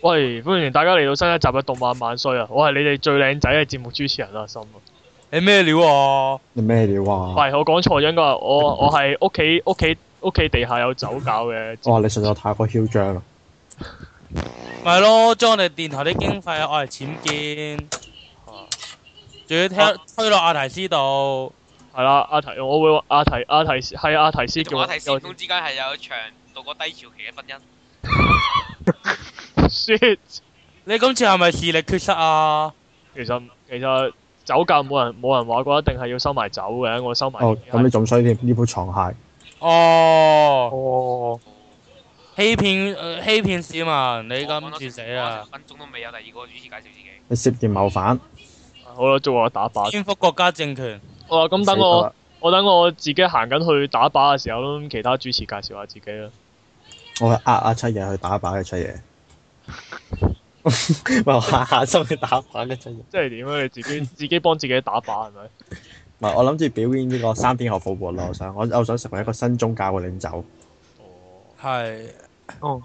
喂，歡迎大家嚟到新一集嘅動漫萬歲啊！我係你哋最靚仔嘅節目主持人阿心啊！你咩、欸、料啊？你咩料啊？喂，我講錯咗應該，我麼我係屋企屋企屋企地下有酒窖嘅。哇！你實在太過囂張 啦！咪咯，將我哋電台啲經費，我係僭建，仲要聽推落阿提斯度。係啦，阿提，我會阿提阿提係阿提,提斯叫我。阿提斯之間係有一場度過低潮期嘅婚姻。 你今次係咪視力缺失啊？其實其實酒價冇人冇人話過，一定係要收埋酒嘅。我收埋。哦，咁你仲衰呢副床鞋。哦哦，欺騙欺騙市民，你今次死啦！分鐘都未有第二個主持介紹自己。你涉嫌謀反。好啦，做我打靶。顛覆國家政權。哦，咁等我了了我等我自己行緊去打靶嘅時候咯，咁其他主持介紹下自己啦。我係呃啊出嘢去打靶嘅出嘢。唔係下下心去打靶嘅真嘅，即係點啊？你自己自己幫自己打靶係咪？唔係 我諗住表演呢個三天後復活咯，我想我我想成為一個新宗教嘅領袖，oh, oh, 嗯。哦，係，哦，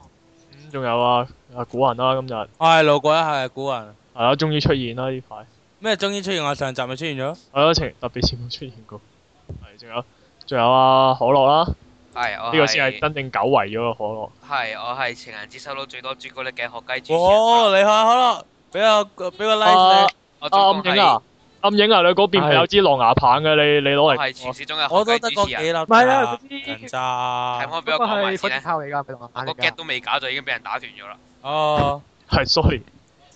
仲有啊，有古雲啦、啊，今日，oh,，我係路過一下古雲，係啊，終於、啊、出現啦呢排。咩？終於出現啊！上集咪出現咗？我有、 啊、情特別少出現過。係，仲有，仲有啊，可樂啦。係，呢個先係真正久違咗嘅可樂。係，我係情人節收到最多朱古力嘅學雞主持人。哦，你好可樂，俾個俾個 like 啦。我暗影啊，暗影啊，你嗰邊係有支狼牙棒嘅，你你攞嚟。我始終係學雞主持人。我都得個幾粒。唔係啊，嗰啲人渣。睇我俾我講埋先，抄你噶，個夾都未搞就已經俾人打斷咗啦。哦，係 sorry。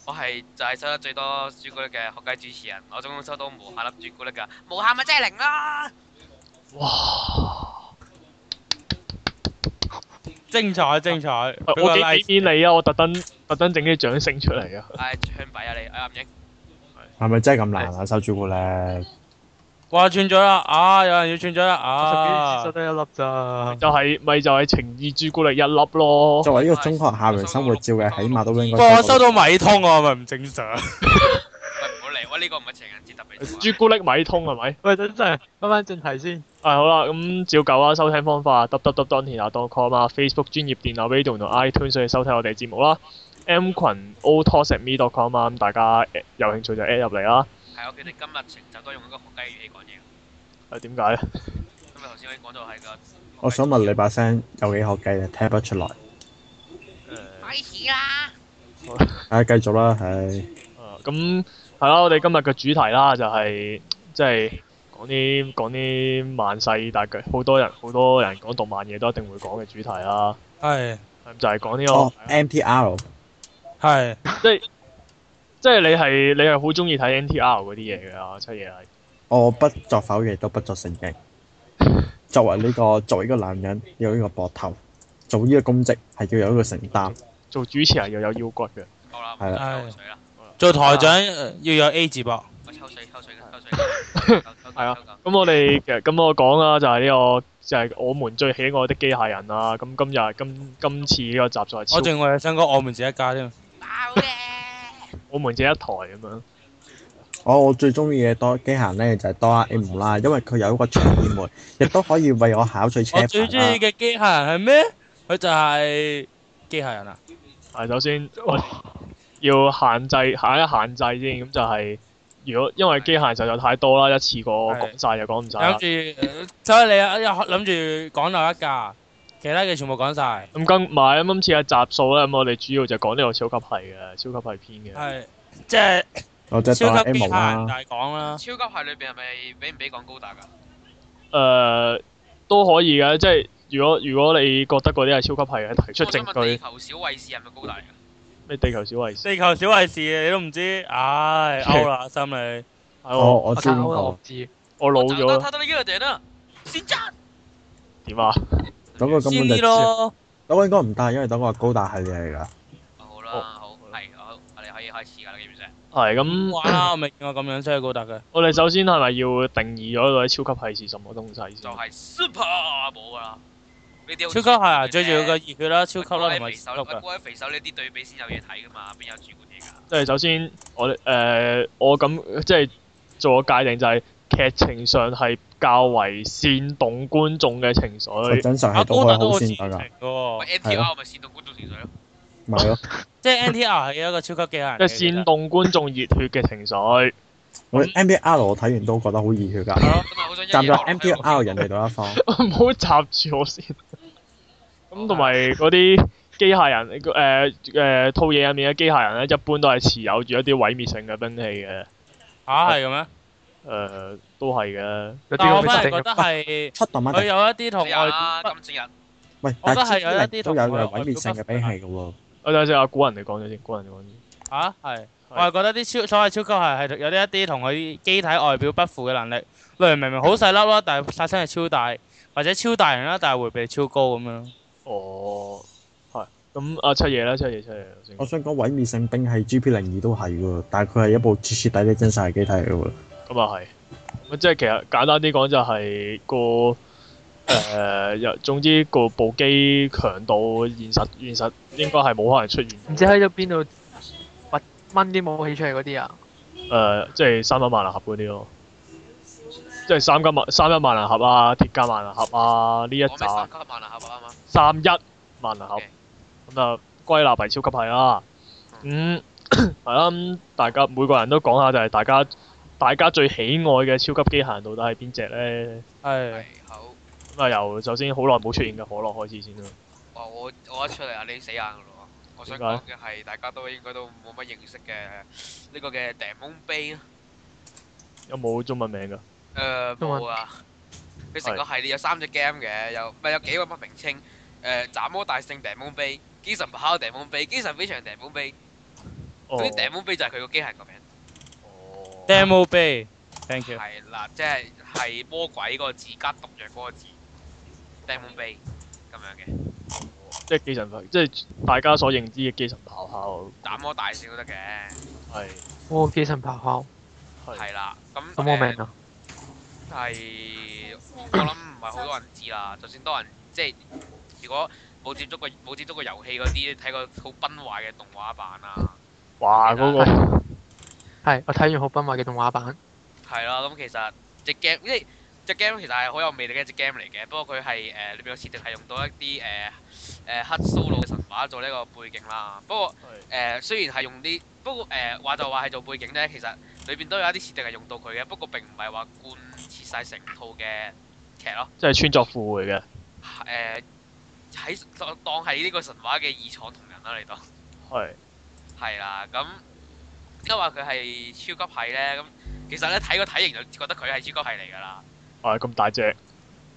我係就係收到最多朱古力嘅學雞主持人，我總共收到無限粒朱古力噶，無限咪即係零啦。哇！精彩精彩！我點俾面你啊？我特登特登整啲掌聲出嚟啊！哎，槍斃啊你！哎呀唔應，係咪真係咁難啊？收朱古力掛串咗啦！啊，有人要串咗啦！啊，收得一粒咋？就係咪就係情義朱古力一粒咯？作為呢個中學校園生活照嘅，起碼都應該不過我收到米通，我係咪唔正常？呢個唔係情人節特別朱古力米通係咪？喂，真真係翻返正題先。係好啦，咁照舊啦，收聽方法：dot dot dot，當天下 dot com 啊，Facebook 專業電腦 radio 同 iTunes 可以收睇我哋節目啦。M 羣 O Toset Me dot com 啊，咁大家有興趣就 add 入嚟啦。係，我記得今日成集都用嗰個學雞語嚟講嘢。係點解咧？因為頭先我講到係個。我想問你把聲有幾學雞啊？聽不出來。開始啦！睇下繼續啦，係。啊咁。係 啦，我哋今日嘅主題啦，就是，就係即係講啲講啲萬世大劇，好多人好多人講動漫嘢都一定會講嘅主題啦。係的，就係講呢個 NTR。係，即係即係你係你係好中意睇 NTR 嗰啲嘢嘅啊，出嘢係。我、oh, 不作否認，都不作承認。作為呢、這個作為一個男人，有呢個膊頭，做呢個公職係要有呢個承擔做。做主持人又有腰骨嘅。夠啦。係。做台長要有 A 字噃。抽水，抽水嘅。係啊，咁我哋其實咁我講啦，就係呢個就係我們最喜愛的機械人啦。咁今日今今次呢個集就係。我最我想講我們自己一架啫。包嘅。我們自己一台咁樣。我我最中意嘅多機械咧就係哆啦 A 夢啦，因為佢有一個長尾，亦都可以為我考取車牌啦。我最中意嘅機械人係咩？佢就係機械人啊。係首先。要限制，限一限制先。咁就係如果因為機械實在太多啦，一次過講晒又講唔晒。諗住，所以你又諗住講另一架，其他嘅全部講晒。咁今唔咁今次嘅集數咧，咁我哋主要就講呢個超級系嘅，超級系篇嘅。係，即係超級機械大講啦。超級系裏邊係咪俾唔俾講高達㗎？誒，都可以嘅。即係如果如果你覺得嗰啲係超級系嘅，提出證據。小衛士係咪高達？咩地球小衛士？地球小衛士你都唔知，唉，out 啦，心你。我我知，我老咗。點啊？嗰個根本就。嗰個應該唔得，因為等我高達系列嚟噶。好啦，好係，我哋可以開始噶啦，記唔記得？係咁。哇，我未見咁樣真係高達嘅。我哋首先係咪要定義咗一啲超級係士什麼東西先？就係 super 啊，冇啦。超級系啊，最重要個熱血啦，超級啦，唔係肥手噶。阿高係肥手，呢啲對比先有嘢睇噶嘛，邊有主觀啲噶？即係首先我誒，我咁即係做個界定，就係劇情上係較為煽動觀眾嘅情緒。阿高打嗰個劇情喎，NTR 係咪煽動觀眾情緒咯？唔係咯，即係 NTR 係一個超級嘅人。即係煽動觀眾熱血嘅情緒。我 MBR 我睇完都覺得好熱血噶，站住 MBR 人嚟到一方，唔好插住我先。咁同埋嗰啲機械人，誒誒套嘢入面嘅機械人咧，一般都係持有住一啲毀滅性嘅兵器嘅。嚇係咁咩？誒都係嘅。但係我反而覺得係七百蚊，佢有一啲同外金錢人，我覺得係有啲都有毀滅性嘅兵器嘅喎。我哋先阿古人嚟講咗先，古人講。嚇係。我係覺得啲超所謂超級係，係有啲一啲同佢機體外表不符嘅能力，例如明明好細粒啦，但係殺傷係超大，或者超大型啦，但係回避超高咁樣。哦，係。咁啊，七爺啦，七爺七爺。我，講我想講毀滅性兵係 G P 零二都係喎，但係佢係一部徹徹底底真實機體嚟嘅喎。咁啊係，即係其實簡單啲講就係、那個誒，又、呃、總之個部機強度現實現實應該係冇可能出現。唔知喺咗邊度？掹啲武器出嚟嗰啲啊？誒、呃，即係三一萬能俠嗰啲咯，即係三金萬三一萬能俠啊，鐵甲萬能俠啊，呢一隻。我咪三金萬能俠啊嘛。三一萬能俠，咁 Okay. 就歸納為超級係啦。嗯，係啊，咁、 嗯、大家每個人都講下，就係大家大家最喜愛嘅超級機械人到底係邊隻咧？係好。咁啊， 就由首先好耐冇出現嘅可樂開始先啦 。哇！我我，我一出嚟啊，你死硬。我想講嘅係，大家都應該都冇乜認識嘅呢個嘅 Demon Bay 咯。有冇中文名噶？誒，冇啊。佢成個系列有三隻 game 嘅，有唔係有幾個乜名稱？誒，斬魔大聖 Demon Bay、機神咆吼 Demon Bay、機神飛翔 Demon Bay。嗰啲 Demon Bay 就係佢個機械人個名。哦。Demon Bay，thank you。係啦，即係係魔鬼個字加，毒藥個字，Demon Bay 咁樣嘅。即係機神咆，即係大家所認知嘅機神咆哮，斬魔大聖都得嘅。係。哦，機神咆哮。係啦。咁。咁我明啦。係，我諗唔係好多人知啦。就算多人，即係如果冇接觸過冇接觸過遊戲嗰啲，睇過好崩壞嘅動畫版啊。哇！嗰個。係，我睇完好崩壞嘅動畫版。係啦，咁其實即係，即係。隻 game 其實係好有魅力嘅一隻 game 嚟嘅，不過佢係誒裏邊有設定係用到一啲誒誒克蘇魯嘅神話做呢個背景啦。不過誒的、呃、雖然係用啲不過誒、呃、話就話係做背景咧，其實裏邊都有一啲設定係用到佢嘅。不過並唔係話貫徹晒成套嘅劇咯，即係穿鑿附會嘅誒喺當當係呢個神話嘅二創同人啦、啊，嚟當係係啦。咁點解話佢係超級系咧？咁其實咧睇個體型就覺得佢係超級系嚟㗎啦。啊，咁大隻！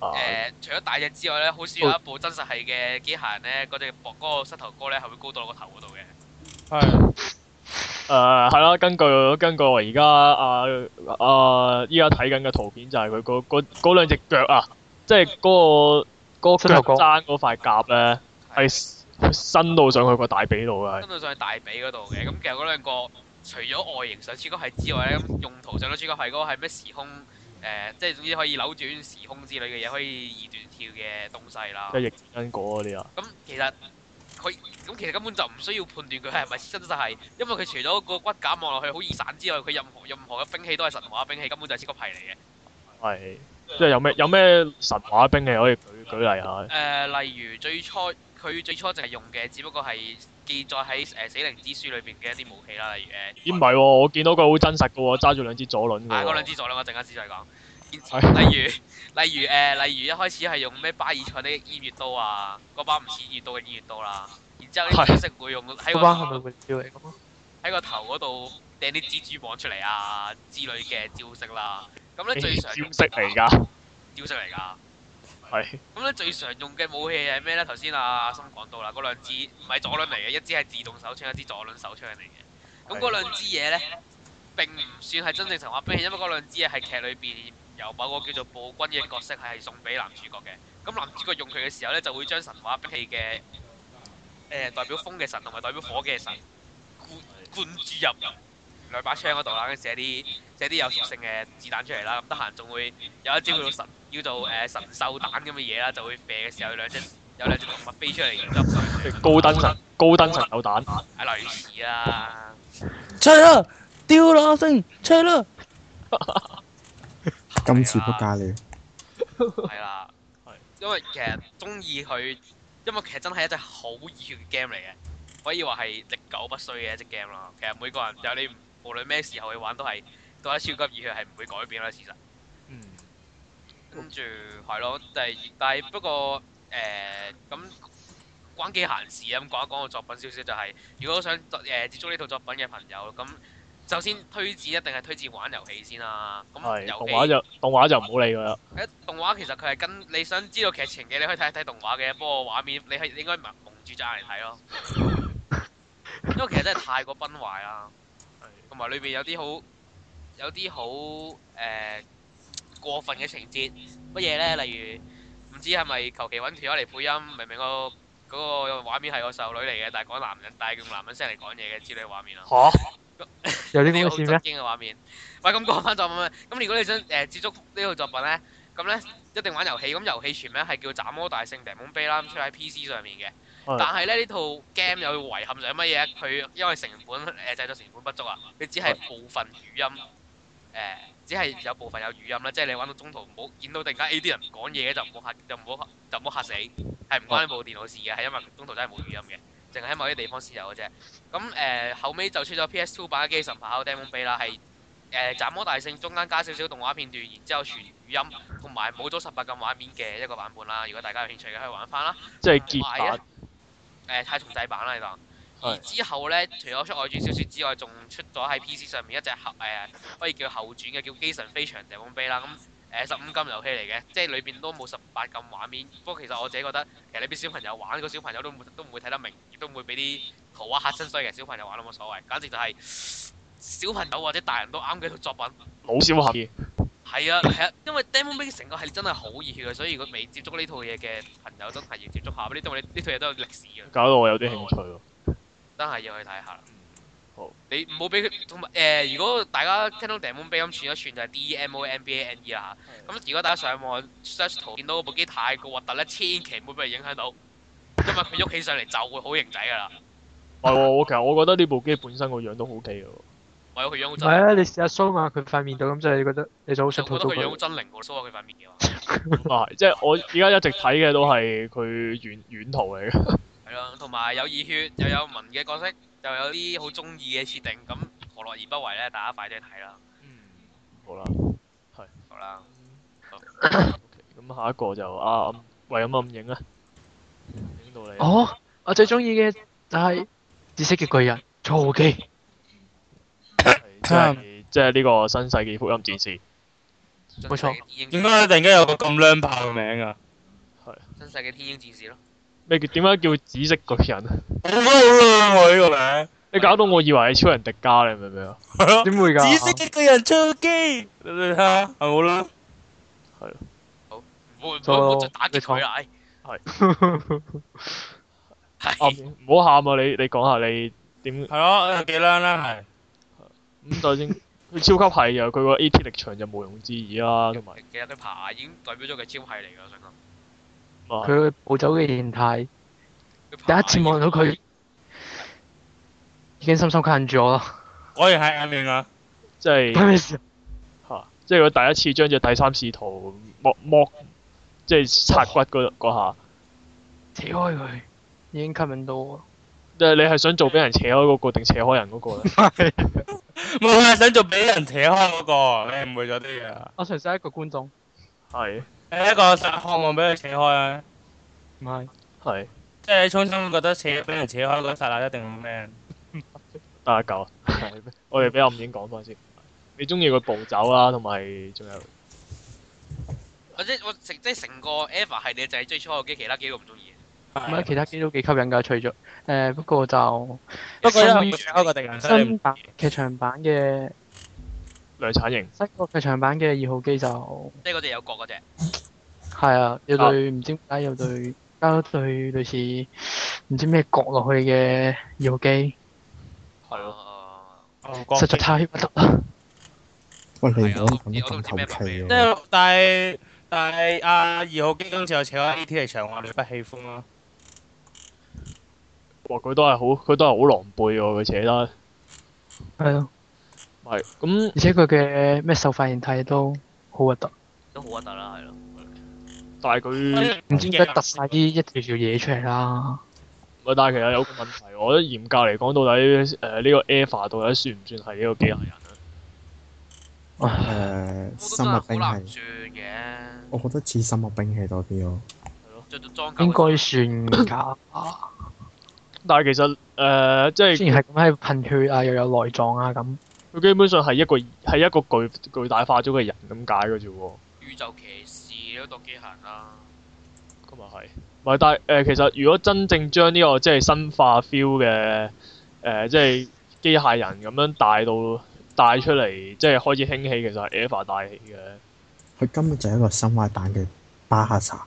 誒、啊欸，除咗大隻之外咧，好、嗯、少有一部真實系嘅機械人咧，嗰隻膊膝頭哥咧，係會高到我個頭嗰度嘅。係、欸。誒，係啦，根據根據我而家啊啊依家睇緊嘅圖片就，就係佢嗰嗰嗰兩隻腳啊，即係嗰、嗰個嗰膝頭踭嗰塊甲咧，係哥伸到上去個大髀度嘅。伸到上去大髀嗰度嘅，咁其實嗰兩個除咗外形上似主角係之外咧，用途上都主角係嗰個係咩時空？誒、呃，即係總之可以扭轉時空之類嘅嘢，可以二段跳嘅東西啦。即係逆因果嗰啲啊。咁、嗯、其實佢，咁、嗯、其實根本就唔需要判斷佢係咪真實係，因為佢除咗個骨架望落去好易散之外，佢任何任何嘅兵器都係神話兵器，根本就係一個皮嚟嘅。係。即係有咩有咩神話兵器可以舉舉例下？誒、呃，例如最初。佢最初就係用嘅，只不過係記載喺誒《死靈之書》裏邊嘅一啲武器啦，例如誒。唔係喎，我見到佢好真實嘅喎，揸住兩支左輪嘅。係個兩支左輪，我陣間先再講。例如，例如誒，例如一開始係用咩巴爾賽啲煙月刀啊，嗰把唔似月刀嘅煙月刀啦。然之後呢，招式會用喺個頭嗰度掟啲蜘蛛網出嚟啊之類嘅招式啦。咁咧。最常招式嚟㗎。招式嚟㗎。咁咧、 嗯、最常用嘅武器係咩咧？頭先、啊、阿阿森講到啦，嗰兩支唔係左輪嚟嘅，一支係自動手槍，一支左輪手槍嚟嘅。咁嗰兩支嘢咧，並唔算係真正神話兵器，因為嗰兩支嘢係劇裏邊由某個叫做暴君嘅角色係送俾男主角嘅。咁男主角用佢嘅時候咧，就會將神話兵器嘅誒代表風嘅神同埋代表火嘅神灌灌注入。兩把槍嗰度啦，跟住寫啲寫啲有屬性嘅子彈出嚟啦，咁得閒仲會有一招叫做神叫做誒神獸蛋咁嘅嘢啦，就會射嘅時候有兩隻有兩隻動物飛出嚟。高登神高登神獸蛋，係類似啦。出嚟啦，丟啦聲，出嚟啦。今次扑街你。係啦，係，因為其實中意佢，因為其實真係一隻好熱血嘅 game 嚟嘅，可以話係歷久不衰嘅一隻 game 咯。其實每個人有你。無論咩時候去玩都係到一超級熱血，係唔會改變啦。事實，嗯，跟住係咯，第但係不過誒咁、呃、關己閒事咁講、嗯、一講個作品少少就係、是，如果想誒、呃、接觸呢套作品嘅朋友咁，首先推薦一定係推薦玩遊戲先啦。咁是戲動畫就動畫就唔好理佢啦。誒，動畫其實佢係跟你想知道劇情嘅，你可以睇一睇動畫嘅，不過畫面你係你應該蒙蒙住隻眼嚟睇咯， 因為其實真係太過崩壞啦。同埋裏邊有啲好有啲好誒過分嘅情節，乜嘢咧？例如唔知係咪求其搵條友嚟配音，明明個嗰個畫面係個少女嚟嘅，但係講男人，但係用男人聲嚟講嘢嘅之類畫面啊！吓？ 有呢啲咁嘅畫面？喂，咁講翻作品啦。咁如果你想誒接觸呢套作品咧，咁咧一定玩遊戲。咁遊戲全名係叫《斬魔大聖》《Demon Blade》啦，咁出喺 PC 上面嘅。但係咧，呢套 game 有遺憾就係乜嘢？佢因為成本誒、呃、製作成本不足啊，佢只係部分語音誒、呃，只係有部分有語音啦。即係你玩到中途唔好見到突然間 A 啲、欸、人唔講嘢就唔好嚇，就唔好就唔好嚇死。係唔關呢部電腦的事嘅，係因為中途真係冇語音嘅，淨係喺某啲地方試有嘅啫。咁、嗯、誒、呃、後尾就出咗 P.S. Two 版嘅《機神跑》呃《Demon》《飛》啦，係誒斬魔大聖》中間加少少動畫片段，然之後全語音同埋冇咗十八格畫面嘅一個版本啦。如果大家有興趣嘅，可以玩翻啦。即係結誒、呃、太重製版啦，你話。而之後呢，除咗出外傳小説之外，仲出咗喺 PC 上面一隻後、呃、可以叫後傳嘅叫《機神飛翔地母碑》啦。咁、呃、誒，十五禁遊戲嚟嘅，即係裏邊都冇十八禁畫面。不過其實我自己覺得，其實你俾小朋友玩，個小朋友都唔會都唔會睇得明，亦都唔會俾啲圖畫嚇親衰嘅小朋友玩都冇所謂。簡直就係、是、小朋友或者大人都啱嘅作品。老少合宜。係啊，係啊，因為 Demonbane 成個係真係好熱血嘅，所以如果未接觸呢套嘢嘅朋友真係要接觸下，呢因為呢套嘢都有歷史嘅。搞到我有啲興趣喎，真係要去睇下啦。好，你唔好俾佢同埋誒，如果大家聽到 Demonbane 咁串一串就係 D E M O N B A N E 啦吓。咁如果大家上網 search 到見到部機太過核突咧，千祈唔好俾佢影響到，因為佢喐起上嚟就會好型仔噶啦。係喎，其實我覺得呢部機本身個樣都 OK 嘅。係啊，不啊，你試下搜下佢塊面度咁就，你覺得、嗯、你就好想睇到佢。我覺得佢影好真靈喎，搜下佢塊面嘅話。唔係，即係我而家一直睇嘅都係佢原原圖嚟嘅。係咯，同埋有熱血，又有文嘅角色，又有啲好中意嘅設定，咁何樂而不為咧？大家快啲睇啦！嗯，好啦，係好啦。咁、 okay，嗯、下一個就阿維咁暗影咧。影、啊、到你。哦，我最中意嘅就係紫色嘅巨人，坐騎。即係即係呢個新世紀福音戰士，冇錯，點解突然間有個咁靚爆嘅名啊？係新世紀天鷹戰士咯。咩叫點解叫紫色巨人啊？我覺得好靚喎呢個名。你搞到我以為你超人迪迦你，明唔明啊？點會噶？紫色嘅巨人出擊，你睇下係冇啦？係啊，好換咗，我再打擊佢啊！係，唔好喊啊！你你講下你點？係咯，幾靚咧係。咁就應佢超級係嘅，佢個 A.T. 力場就毋庸置疑啦。同埋其實佢拍下已經代表咗佢超係嚟噶，我信佢。佢暴走嘅形態第一次望到佢已經深深吸引住我啦。我亦係眼亮啊！即係吓，即係佢第一次將隻第三視圖剝剝，即係拆骨嗰下扯開佢，已經吸引到我。誒， 你係想做俾人扯開嗰、嗰個定扯開人嗰個咧？ 我係想做俾人扯開嗰個，你誤會咗啲嘢。我純粹係一個觀眾。係。你一個想渴望俾佢扯開。唔係。係。即係你衷心覺得扯俾人扯開嗰剎那一定好 man。得阿狗。係咩？我哋比較唔點講多先。你中意個步走啦，同埋仲有。或者我成即係成個 Eva 系列就係最中意嗰機，其他機都唔中意。唔係，嗯、對其他機都幾吸引㗎。除咗誒、呃，不過就不過、啊、因為一個新版劇場版嘅量產型，新個劇場版嘅二號機就即係嗰隻有角嗰隻，係啊，有對唔、啊、知點解有對加對類似唔知咩角落去嘅二號機，係咯，實在太唔得啦。喂了，你咁咁投機，即、啊、但係但係阿、啊、二號機今次我請開 AT 場，我你、啊，不喜歡啦。哇！佢都係好，佢都係好狼背喎，佢扯單。係咯。係咁，而且佢嘅咩秀髮形態都好核突，都好核突啦，係咯。但係佢唔知點解突曬啲一條條嘢出嚟啦。唔係，但係其實有個問題，我覺得嚴格嚟講，到底誒呢個 Eva 到底算唔算係呢個機械人、嗯嗯、啊？誒，生物兵器。我都覺得好難轉嘅。我覺得似生物兵器多啲咯。係咯，著到裝。應該算㗎。但係其實誒、呃，即係之前係咁係噴血啊，又有內臟啊咁。佢基本上係一個係一個巨巨大化咗嘅人咁解嘅啫喎。宇宙騎士嗰度機械人，啊、啦，咁又係。係，但係誒，其實如果真正將呢、這個即係生化 feel 嘅誒，即係機械人咁樣帶到帶出嚟，即係開始興起，其實係 EVA 大起嘅。佢根本就係一個生化蛋嘅巴哈查。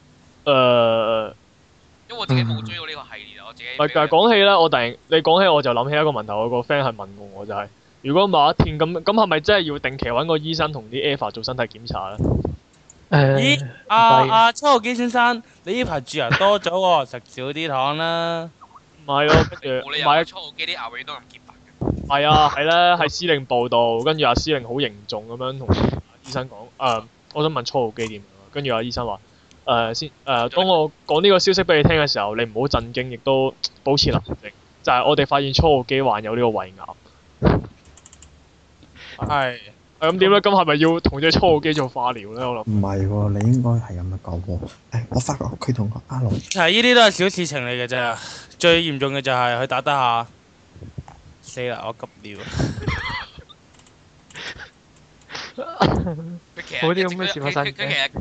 誒，uh, 因為我自己冇追到呢個系列、mm hmm. 我自己。唔但係講起咧，我突然你講起我就諗起一個問題，我個 friend 係問過我，就係、是、如果某一天咁，咁係咪真係要定期揾個醫生同啲 Eva 做身體檢查咧？誒，咦？啊，阿初號機先生，你呢排住人多咗喎，食 少啲糖啦。唔係咯，跟住唔係啊，初號機啲牛尾都咁潔白嘅。係 啊，係咧，係司令報道，跟住阿司令好凝重咁樣同醫生講，誒、 啊，我想問初號機點？跟住阿醫生話。誒、呃、先誒、呃，當我講呢個消息俾你聽嘅時候，你唔好震驚，亦都保持冷靜。就係、是、我哋發現初號機患有呢個胃癌。係、嗯，咁點咧？咁係咪要同隻初號機做化療咧？我諗唔係喎，你應該係咁樣講喎。誒、哎，我發覺佢同阿龍係呢啲都係小事情嚟嘅啫。最嚴重嘅就係佢打得下。死啦！我急尿。 佢其實佢其實佢其實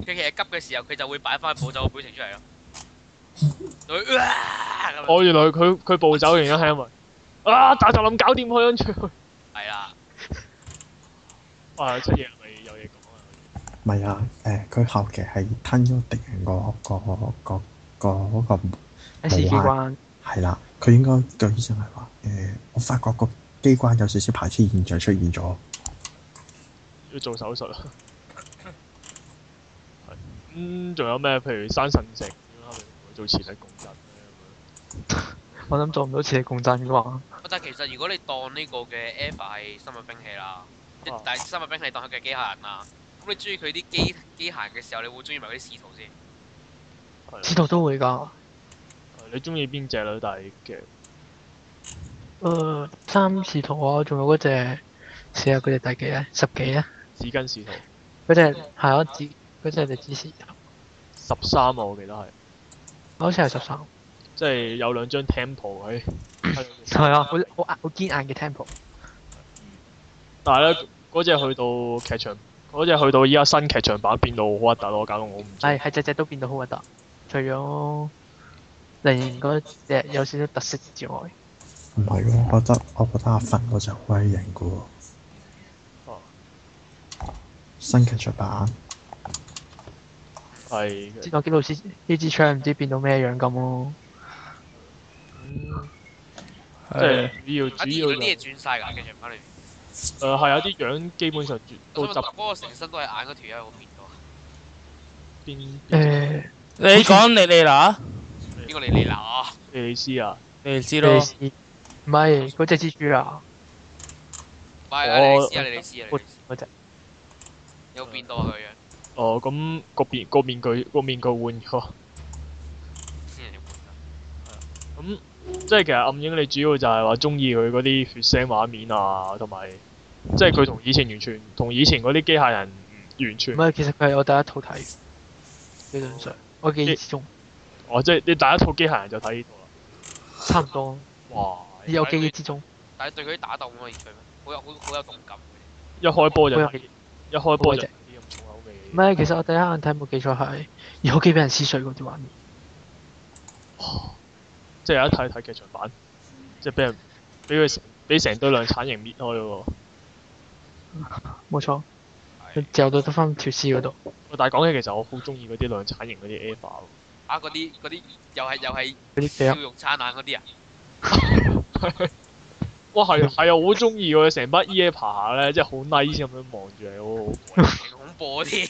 急嘅時候，佢就會擺翻暴走嘅表情出嚟咯。我原來佢佢暴走原因係因為啊，就叢林搞掂，我跟住係啦。誒，出嘢係咪有嘢講啊？唔、呃、係啊，誒，佢後期係吞咗敵人個個個個嗰個機關係啦。佢應該對醫生係話誒，我發覺個機關有少少排斥現象出現咗。要做手術啊 ！係、嗯、咁，仲有咩？譬如山神石，會做磁力共振咧咁樣。 我諗做唔到磁力共振嘛、啊。但係其實如果你當呢個嘅 Eva 係生物兵器啦，啊、但係生物兵器當佢嘅機械人啊，咁你中意佢啲機機械嘅時候，你會中意埋啲使徒先？使徒都會㗎。你中意邊隻女大嘅？誒，三使徒啊！仲有嗰隻，試下佢隻第幾啊？十幾啊？紫金仕途，嗰隻係啊紫，嗰隻隻紫十三啊，我記得係，好似係十三。即係有兩張 temple 喺、哎，係啊， 對好後好好堅硬嘅 temple。嗯、 但係咧，嗰隻去到劇場，嗰隻去到依家新劇場版變到好核突咯，我搞到我唔。係係，隻隻都變到好核突，除咗零個隻有少少特色之外，唔係咯，我覺得我覺得阿佛嗰隻威型嘅喎。新劇場版係，唔知阿堅老師呢支槍唔知變到咩樣咁咯。即係主要主要啲嘢轉曬眼嘅樣返嚟。誒係有啲樣，基本上轉到集。不過成身都係眼嗰條喎，邊度啊？變，誒？你講你你啦？邊個你你啦？我你你知啊？你知咯？唔係嗰隻蜘蛛啊！我我嗰隻。個邊度佢嘅？哦，咁、那個面個面具個面具換咗。咁即係其實暗影你主要就係話中意佢嗰啲血腥畫面啊，同埋即係佢同以前完全同以前嗰啲機械人完全。唔係、嗯，其實佢係我第一套睇，非常、嗯、上，我記憶之中。哦，即係你第一套機械人就睇，差唔多。哇！有記憶之中。但係對佢啲打鬥冇興趣咩？好有好有，好有動感。嗯、一開波就。一開波就唔係，其實我第一眼睇冇記錯係，而屋企俾人撕碎嗰啲畫面。即係有一睇睇劇場版，嗯、即係俾人俾佢俾成堆量產型搣開咯，冇錯，佢就到得翻條絲嗰度、嗯。但係講起其實我好中意嗰啲量產型嗰啲 EVA 啊！嗰啲嗰啲又係又係。嗰啲笑容燦爛啲啊！ 哇係係啊，好中意喎！成班 E.A. 爬下咧，即係好 nice 咁樣望住你，好恐怖啲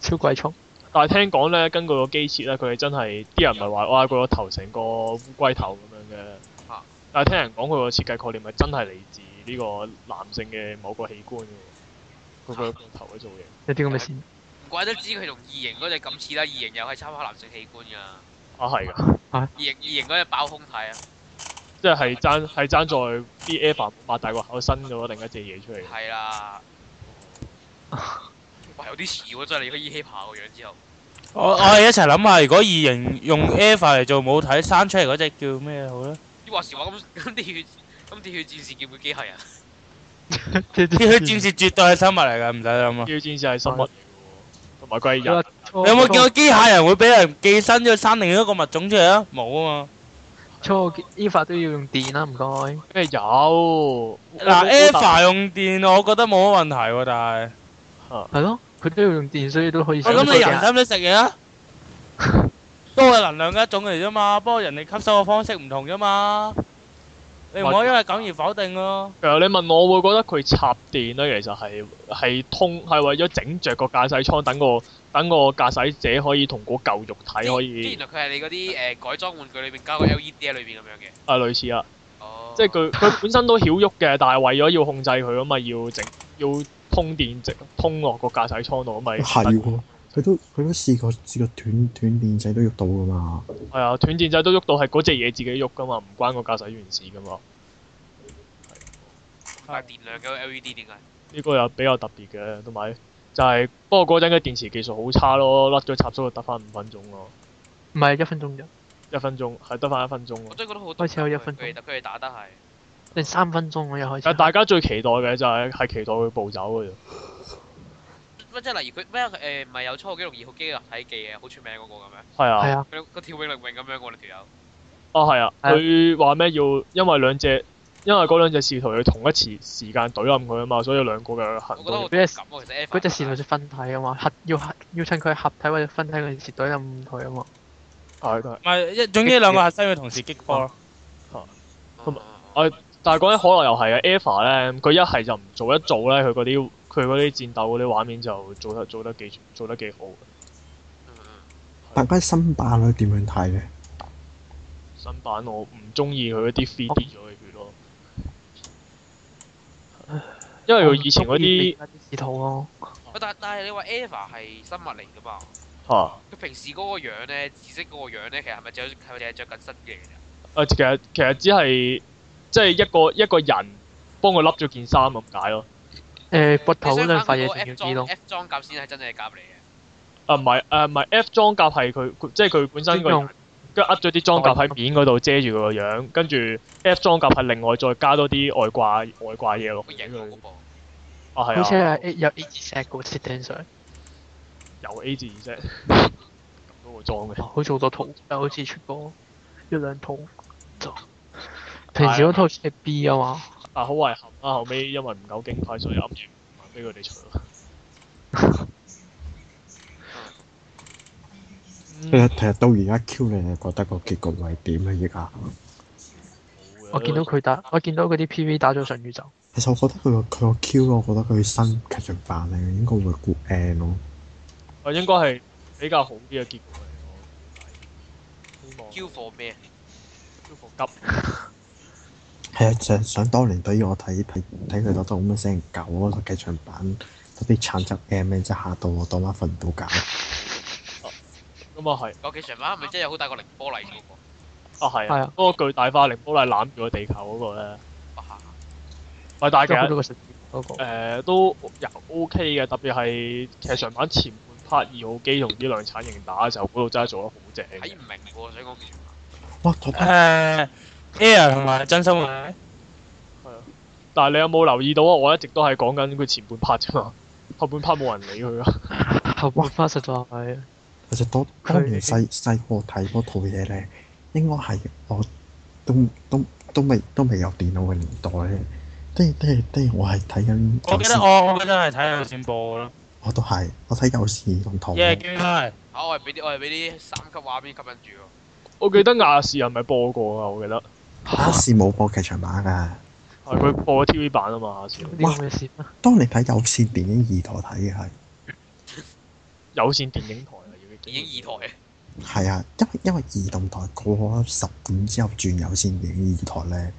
超鬼畜！但係聽講咧，根據機設個機設咧，佢係真係啲人唔係話哇佢個頭成個烏龜頭咁樣嘅。吓！但係聽人講佢個設計概念咪真係嚟自呢個男性嘅某個器官嘅。吓！個頭嘅造型。一啲咁嘅事。唔怪得知佢同異形嗰隻咁似啦，異形又係參考男性器官噶。啊係噶。吓！異、啊、形異形嗰隻爆胸體啊！即係爭係爭在啲 ever 擘大個口生咗另一隻嘢出嚟。係啦，喂，有啲事真係，佢依起跑個樣之後。我我哋一齊諗下，如果異形用 ever 嚟做母體生出嚟嗰隻叫咩好咧？你話時話咁咁鐵血咁鐵血戰士叫咩機械人？鐵血戰士絕對係生物嚟噶，唔使諗啊。鐵血戰士係生物，同埋怪人。有冇見過機械人會俾人寄生咗生另一個物種出嚟啊？冇啊嘛。初期 Eva 都要用電啦，唔該。咩有？嗱，Eva 用電，我覺得冇乜問題，但係，係咯，佢都要用電，所以都可以。我咁你人使唔使食嘢啊？都係能量嘅一種嚟啫嘛，不過人哋吸收嘅方式唔同啫嘛。你唔可以因為咁而否定咯。其實你問我，我會覺得佢插電咧，其實係係通，係為咗整著個駕駛艙，等我。等個駕駛者可以同嗰嚿肉體可以，原來佢係你嗰啲誒改裝玩具裏邊加個 LED 喺裏邊咁樣嘅。啊，類似啊，oh。即係佢佢本身都曉喐嘅，但係為咗要控制佢啊嘛，要整要通電，直通落個駕駛艙度啊嘛。係佢都佢都試過試過斷斷電掣都喐到噶嘛。係啊，斷電掣都喐到係嗰隻嘢自己喐噶嘛，唔關個駕駛員事噶嘛。但係電量嘅的 LED 點解？呢個又比較特別嘅，同埋。但係、就係，不過嗰陣嘅電池技術好差咯，甩咗插咗就得翻五分鐘咯。唔係一分鐘啫，一分鐘係得翻一分鐘。我真係覺得好多次有一分鐘。佢哋打，打得係，定三分鐘我一開始。大家最期待嘅就係、係、係期待佢步走嘅啫。即係例如佢咩誒唔係有初號機二號機啊，睇記嘅好出名嗰個咁樣？係、哦、啊。係啊。個跳泳力泳咁樣我哋條友。哦，係啊！佢話咩要因為兩隻。因為嗰兩隻使徒去同一時時間懟冧佢啊嘛，所以兩個嘅行動嗰隻，嗰、e、隻使徒要分體啊嘛，合要要趁佢合體或者分體嗰時懟冧佢啊嘛。係、啊，唔係，一總之兩個係核心要同時擊破咯、嗯啊。但係講起可能又係啊 EVA 咧，佢一係就唔做，嗯、一做咧，佢嗰啲佢嗰啲戰鬥嗰啲畫面就做得做得幾做得幾好。嗯、是但係新版咧點樣睇咧？新版我唔中意佢一啲因為佢以前嗰啲系統咯，但但係你話 Eva 係生物嚟噶嘛？吓，佢平時嗰個樣咧，紫色嗰個樣咧，其實係咪着係咪淨係着緊身嘢？誒，其實其實只係即係一個一個人幫佢笠咗件衫啊，咁解咯。誒，骨頭嗰兩塊嘢係叫 B 咯。F 裝甲先係真正甲嚟嘅。啊，唔係，誒，唔係，F 裝甲係佢即係佢本身個。即係噏咗啲裝甲喺面嗰度遮住個樣，跟住 A 裝甲係另外再加多啲外掛外掛嘢咯。哦係、嗰個、啊。啊 A，好似係有 A 字石嗰個設定上。有 A 字石。咁多個裝嘅。 好似好多套，但好似出過一兩套。就，平時嗰套係 B、哎、呀啊嘛。 啊好遺憾啊，後尾因為唔夠經費，所以噏完唔俾佢哋出。嗯、其實到而家 Q，你又覺得個結局係點啊？而家我見到佢打，我見到嗰啲 PV 打咗上宇宙。其實我覺得佢個佢個 Q，我覺得佢新劇場版咧應該會 good end 咯。哦，應該係比較好啲嘅結局。Q 火咩？Q 火金。係 啊，想 想當年對，對於我睇睇睇佢嗰種咁嘅聲狗咯，劇、那個、場版嗰啲慘汁 ending 係嚇到我，當晚瞓唔到覺。咁啊係，究竟上版係咪真係有好大個凌波麗嗰、嗰個？啊係啊，嗰、啊嗰個巨大化凌波麗攬住個地球嗰個咧。咪大家嗰個誒、呃、都又、呃、OK 嘅，特別係其實上版前半 part 二號機同呢量產型打嘅時候嗰度真係做得好正。睇唔明喎，所以講咩？誒 Air 同埋真心話。係啊，啊，但係你有冇留意到啊？我一直都係講緊佢前半 part 啫嘛， 後半 part 冇人理佢啊。後半 part 實在係。其實當當年細細個睇嗰套嘢咧，應該係我都都都未都未有電腦嘅年代咧。啲啲啲，我係睇緊。我記得我我真係係睇有線播咯。我都係我睇有線咁台、yeah，哦。我係俾啲我係俾啲三級畫面吸引住喎。我記得亞視係咪播過啊？我記得亞視冇播劇場版㗎。係佢播 TV 版啊嘛。哇！當年睇有線電影二台，睇嘅係有線電影台。電影二台嘅，係啊，因為因為移動台過咗十點之後轉有線電影二台咧，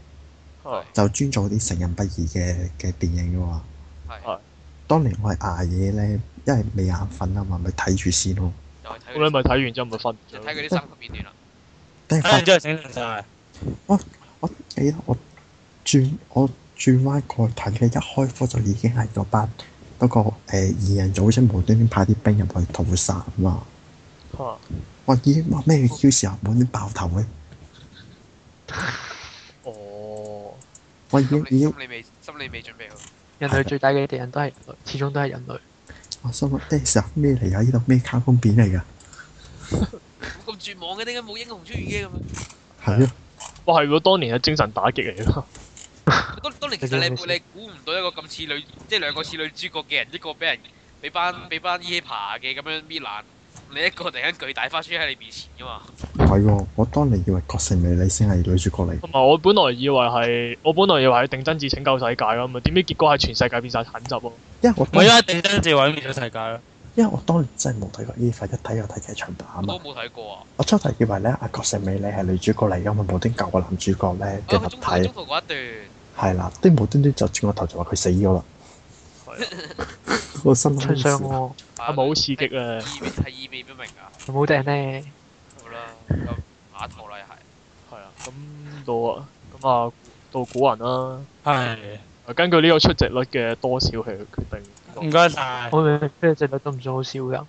是的 就專做啲成人不宜嘅嘅電影嘅話，係是的 當年我係捱夜咧，因為未眼瞓啊嘛，咪睇住先咯。睇你咪睇完之後咪瞓，睇佢啲三級片段啦、啊。等下翻咗去醒啦，我我記得我轉我轉翻過去睇嘅一開科就已經係個班，不過誒二人組先無端端派啲兵入去屠殺嘛。哇！哇！咦？哇！咩 Q 時候冇你爆頭嘅？哦！哇！咦咦？咁你未心理？你未準備好？人類最大嘅敵人都係人類，始終都係人類。我心諗，啲時候咩嚟呀？呢度咩卡通片嚟噶？咁絕望嘅點解冇英雄出現嘅？咁啊？係咯。哇！係喎，當年係精神打擊嚟咯。當當年其實你你估唔到一個咁似女，即係兩個似女主角嘅人，一個俾人俾班俾班依起爬嘅咁樣搣爛。你一個突然間巨大翻出喺你面前噶嘛？唔係喎，我當你以為《角城美里》先係女主角嚟。唔係，我本來以為係，我本來以為定真子拯救世界噶嘛，點知結果係全世界變晒殘疾喎。因為我唔係因為定真子話拯救世界咯。因為我當年真係冇睇過呢塊，一睇又睇嘅係劇場版，板都冇睇過啊！我，我，我初頭以為咧，《阿角城美里》係女主角嚟噶嘛，因為無端搞個男主角咧嘅物體中途中途嗰一段係啦，啲無端端就轉個頭就話佢死咗啦。我身，我身傷咯，係咪好刺激啊？意味係意味不明啊？有冇訂咧？好啦，咁下一套啦，係。係啊，咁到啊，咁啊，到古人啦。係。根據呢個出席率嘅多少去決定。唔該晒。我哋出席率都唔算好少嘅。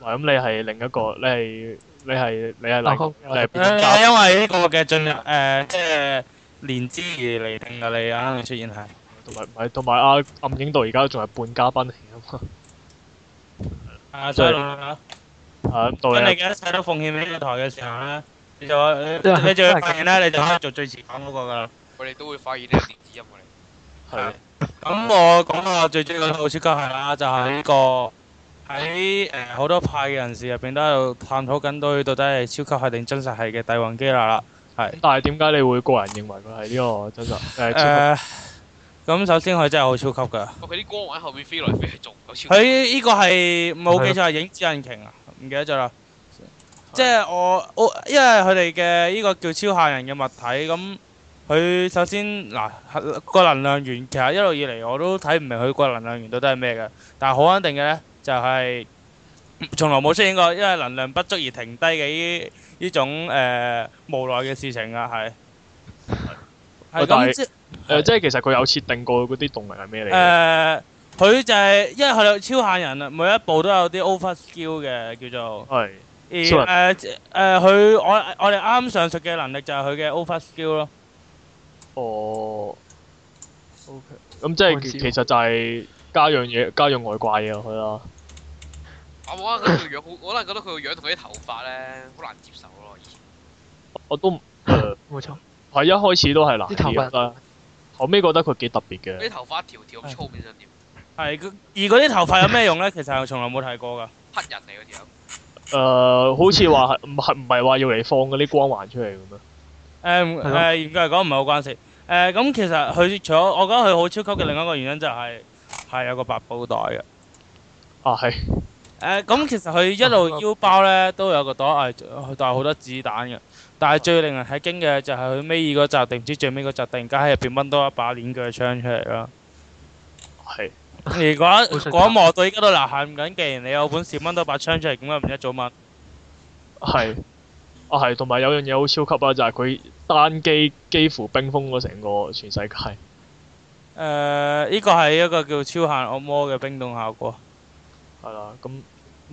嗱，咁你係另一個，你係你係你係男，你係邊個？誒，因為呢個嘅盡量誒，即係年資嚟定嘅嚟啊，出現係。同埋，唔係，同埋啊！暗影道而家仲係半嘉賓嚟啊嘛。啊，再，啊，多謝。咁你一切都奉獻畀呢個台嘅時候咧？你就你，你就會發現咧，你就可以做最前排嗰個噶。我哋都會發現呢個電子音樂嚟。係。咁我講下最最個超級係啦，就係呢個喺誒好多派嘅人士入邊都喺度探討緊，對到底係超級係定真實係嘅遞還機率啦。係。咁但係點解你會個人認為佢係呢個真實？誒。咁首先佢真係好超級噶，佢啲光喺後邊飛來飛去，仲好超。佢呢個係冇記錯係影子引擎啊，唔記得咗啦。即係我我，因為佢哋嘅呢個叫超吓人嘅物體，咁佢首先嗱個能量源，其實一路以嚟我都睇唔明佢個能量源到底係咩嘅，但係好肯定嘅咧，就係從來冇出現過因為能量不足而停低嘅呢呢種誒無奈嘅事情啊，係係咁。誒，即係其實佢有設定過嗰啲動物係咩嚟？誒，佢就係因為佢超吓人啊，每一步都有啲 over skill 嘅，叫做係而誒誒，佢我我哋啱上述嘅能力就係佢嘅 over skill 咯。哦，OK。咁即係其實就係加樣嘢，加樣外掛嘢佢啦。我覺得佢個樣，我可能覺得佢個樣同佢啲頭髮咧好難接受咯。我都冇錯，係一開始都係難接受啦。我咪覺得佢幾特別嘅。啲頭髮條條粗嘅想點，點？係， 而嗰啲頭髮有咩用咧？其實我從來冇睇過㗎。黑人嚟嘅樣。誒，好似話係唔係唔係話要嚟放嗰啲光環出嚟噉樣。誒誒、嗯，嚴格嚟講唔係好關事。誒、嗯，咁、嗯、其實佢除咗我覺得佢好超級嘅另一個原因就係、是、係有個百寶袋嘅。啊，係。誒、嗯，咁、嗯、其實佢一路腰包咧都有個袋，係佢帶好多子彈嘅。但係最令人吃驚嘅就係佢尾二個集定唔知最尾個集突然間喺入邊掹多一把鏈鋸槍出嚟咯。係。如果，如果魔導依家都難行咁，既然你有本事掹多把槍出嚟，咁又唔一早掹。係。啊，係，同埋有樣嘢好超級啊，就係佢單機幾乎冰封咗成個全世界。誒，呢個係一個叫超限惡魔嘅冰凍效果。係啦，咁。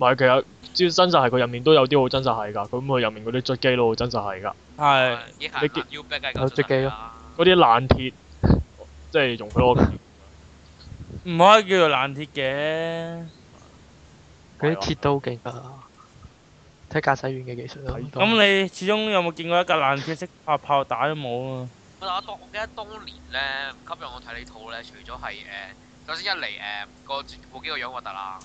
唔係，其實真真實係佢入面都有啲好真實係㗎。咁佢入面嗰啲追機都好真實係㗎。係是，你見有追機咯？嗰啲爛鐵， 即係仲多嘅。唔可以叫做爛鐵嘅，佢啲、啊、鐵都好勁。睇駕駛員嘅技術咯。咁 你始終有冇見過一架爛鐵識發炮彈都冇啊？我記得當年咧，吸引我睇呢套咧，除咗係誒，首、啊、先一嚟誒個部機個樣核突啦。